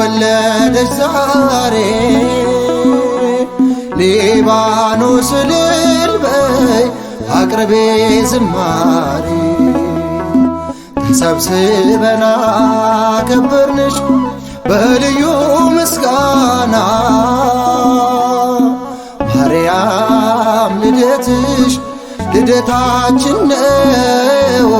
ወለደች ዛሬ ሊባኖስ እልል በይ አቅርቤ ዝማሬ ተሰብስበና ከበርንሽ በልዩ ምስጋና ማርያም ልደትሽ ልደታችን ነው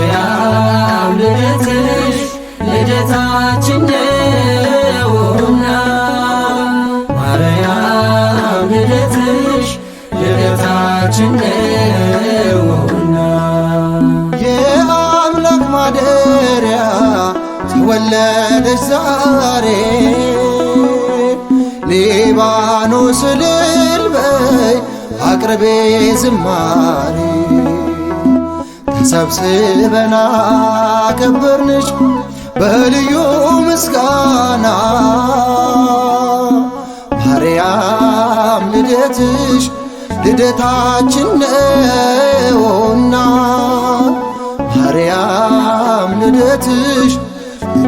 ወለደች ዛሬ ሊባኖስ እልል በይ አቅርቤ ዝማሬ ተሰብስበና ከበርንሽ በልዩ ምስጋና ማርያም ልደትሽ ልደታችን ነውና ማርያም ልደትሽ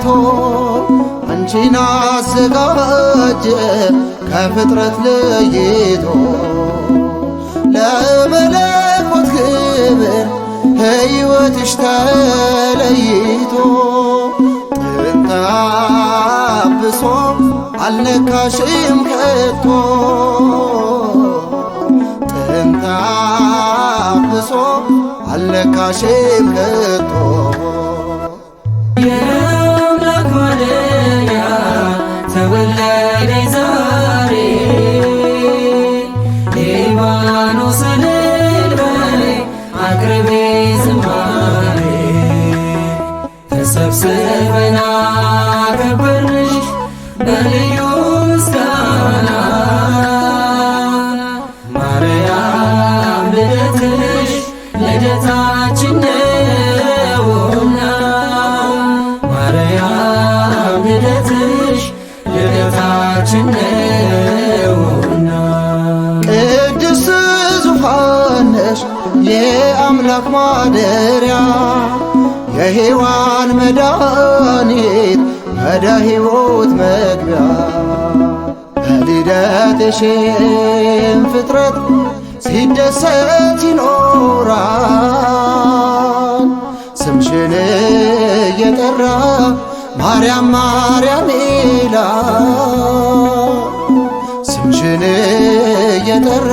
አባቶ አንቺን አዘጋጀ ከፍጥረት ለይቶ ለመለኮት ክብር ሕይወትሽ ተለይቶ ጥንተ አብሶ አልነካሽም ከቶ ጥንተ አልነካሽም ከቶ Days of. ቅድስት ዙፋን ነሽ የአምላክ ማደሪያ የሔዋን መድኃኒት ወደ ሕይወት መግቢያ በልደትሽም ፍጥረት ሲደሰት ይኖራል ስምሽን እየጠራ ማርያም ማርያም ይላል ስምሽን እየጠራ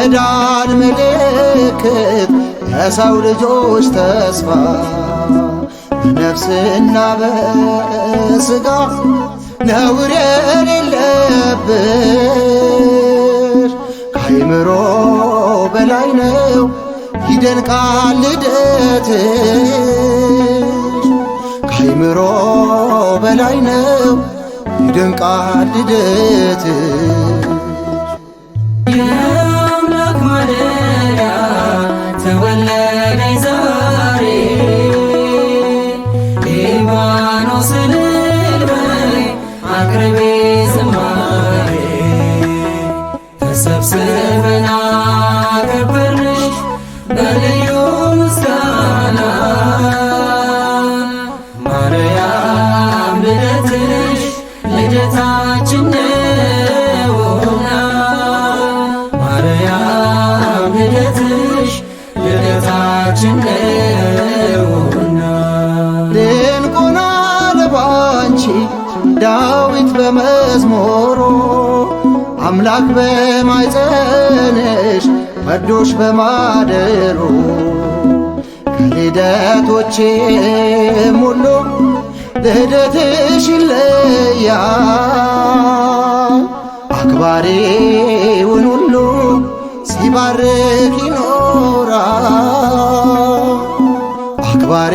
የመዳን ምልክት የሰው ልጆች ተስፋ በነፍስና በስጋ ነውር የሌለብሽ ከአእምሮ በላይ ነው ይደንቃል ልደትሽ ከአእምሮ በላይ ነው ይደንቃል ልደትሽ One ዳዊት በመዝሙሩ አምላክ በማይጸንሽ መርዶሽ በማደሩ ከልደቶቼ ሙሉ ልደትሽ ይለያል። አክባሪውን ሁሉ ሲባርክ ይኖራል። አክባሬ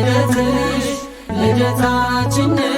ልደትሽ ልደታችን